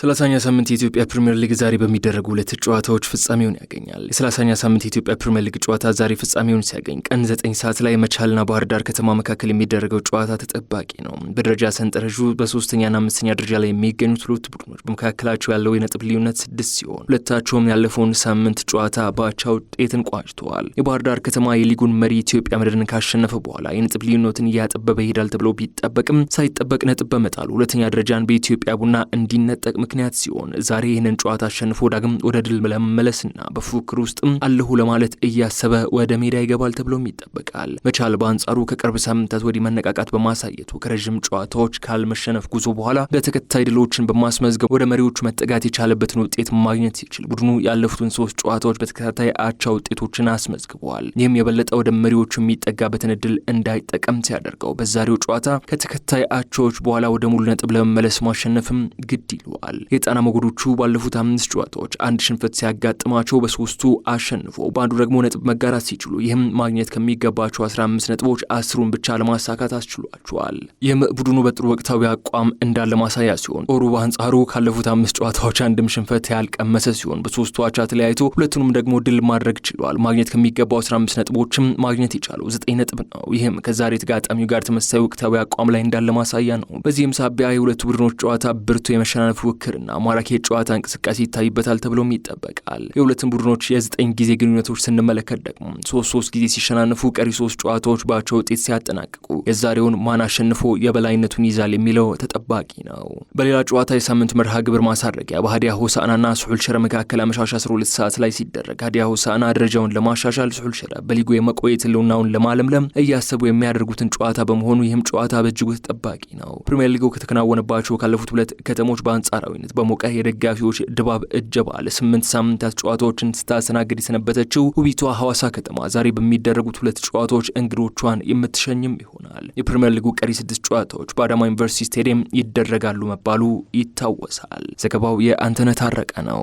ሰላሳኛ ሳምንት የኢትዮጵያ ፕሪምየር ሊግ ዛሬ በሚደረጉ ሁለት ጨዋታዎች ፍጻሜውን ያገኛል። የሰላሳኛ ሳምንት የኢትዮጵያ ፕሪምየር ሊግ ጨዋታ ዛሬ ፍጻሜውን ሲያገኝ ቀን ዘጠኝ ሰዓት ላይ መቻልና ባህር ዳር ከተማ መካከል የሚደረገው ጨዋታ ተጠባቂ ነው። በደረጃ ሰንጠረዡ በሶስተኛና አምስተኛ ደረጃ ላይ የሚገኙት ሁለት ቡድኖች በመካከላቸው ያለው የነጥብ ልዩነት ስድስት ሲሆን ሁለታቸውም ያለፈውን ሳምንት ጨዋታ በአቻ ውጤትን ቋጭተዋል። የባህር ዳር ከተማ የሊጉን መሪ ኢትዮጵያ መድን ካሸነፈ በኋላ የነጥብ ልዩነትን እያጠበበ ይሄዳል ተብሎ ቢጠበቅም ሳይጠበቅ ነጥብ በመጣሉ ሁለተኛ ደረጃን በኢትዮጵያ ቡና እንዲነጠቅ ምክንያት ሲሆን ዛሬ ይህንን ጨዋታ አሸንፎ ዳግም ወደ ድል ለመመለስና በፉክክር ውስጥም አለሁ ለማለት እያሰበ ወደ ሜዳ ይገባል ተብሎም ይጠበቃል። መቻል በአንጻሩ ከቅርብ ሳምንታት ወዲህ መነቃቃት በማሳየቱ ከረዥም ጨዋታዎች ካልመሸነፍ ጉዞ በኋላ በተከታይ ድሎችን በማስመዝገብ ወደ መሪዎቹ መጠጋት የቻለበትን ውጤት ማግኘት ሲችል ቡድኑ ያለፉትን ሶስት ጨዋታዎች በተከታታይ አቻ ውጤቶችን አስመዝግበዋል። ይህም የበለጠ ወደ መሪዎቹ የሚጠጋበትን እድል እንዳይጠቀም ሲያደርገው በዛሬው ጨዋታ ከተከታይ አቻዎች በኋላ ወደ ሙሉ ነጥብ ለመመለስ ማሸነፍም ግድ ይለዋል። ተጠቅሷል። የጣና ሞገዶቹ ባለፉት አምስት ጨዋታዎች አንድ ሽንፈት ሲያጋጥማቸው በሶስቱ አሸንፎ በአንዱ ደግሞ ነጥብ መጋራት ሲችሉ ይህም ማግኘት ከሚገባቸው 15 ነጥቦች አስሩን ብቻ ለማሳካት አስችሏቸዋል። ይህም ቡድኑ በጥሩ ወቅታዊ አቋም እንዳለ ማሳያ ሲሆን ጦሩ በአንጻሩ ካለፉት አምስት ጨዋታዎች አንድም ሽንፈት ያልቀመሰ ሲሆን በሶስቱ አቻ ተለያይቶ ሁለቱንም ደግሞ ድል ማድረግ ችሏል። ማግኘት ከሚገባው 15 ነጥቦችም ማግኘት የቻለው ዘጠኝ ነጥብ ነው። ይህም ከዛሬ ተጋጣሚው ጋር ተመሳሳይ ወቅታዊ አቋም ላይ እንዳለ ማሳያ ነው። በዚህም ሳቢያ የሁለቱ ቡድኖች ጨዋታ ብርቱ የመሸናነፍ ፉክክርና ማራኪ የጨዋታ እንቅስቃሴ ይታይበታል ተብሎም ይጠበቃል። የሁለቱም ቡድኖች የዘጠኝ ጊዜ ግንኙነቶች ስንመለከት ደግሞ ሶስት ሶስት ጊዜ ሲሸናነፉ፣ ቀሪ ሶስት ጨዋታዎች በአቻ ውጤት ሲያጠናቅቁ የዛሬውን ማን አሸንፎ የበላይነቱን ይዛል የሚለው ተጠባቂ ነው። በሌላ ጨዋታ የሳምንቱ መርሃ ግብር ማሳረጊያ በሀዲያ ሆሳዕናና ስሑል ሽረ መካከል አመሻሽ 12 ሰዓት ላይ ሲደረግ ሀዲያ ሆሳዕና ደረጃውን ለማሻሻል፣ ስሑል ሽረ በሊጉ የመቆየት ህልውናውን ለማለምለም እያሰቡ የሚያደርጉትን ጨዋታ በመሆኑ ይህም ጨዋታ በእጅጉ ተጠባቂ ነው። ፕሪምየር ሊጉ ከተከናወነባቸው ካለፉት ሁለት ከተሞች በአንጻር በአንጻራዊነት በሞቀ የደጋፊዎች ድባብ እጀባ ለስምንት ሳምንታት ጨዋታዎችን ስታስተናግድ የሰነበተችው ውቢቷ ሐዋሳ ከተማ ዛሬ በሚደረጉት ሁለት ጨዋታዎች እንግዶቿን የምትሸኝም ይሆናል። የፕሪምየር ሊጉ ቀሪ ስድስት ጨዋታዎች በአዳማ ዩኒቨርሲቲ ስቴዲየም ይደረጋሉ መባሉ ይታወሳል። ዘገባው የአንተነህ ታረቀ ነው።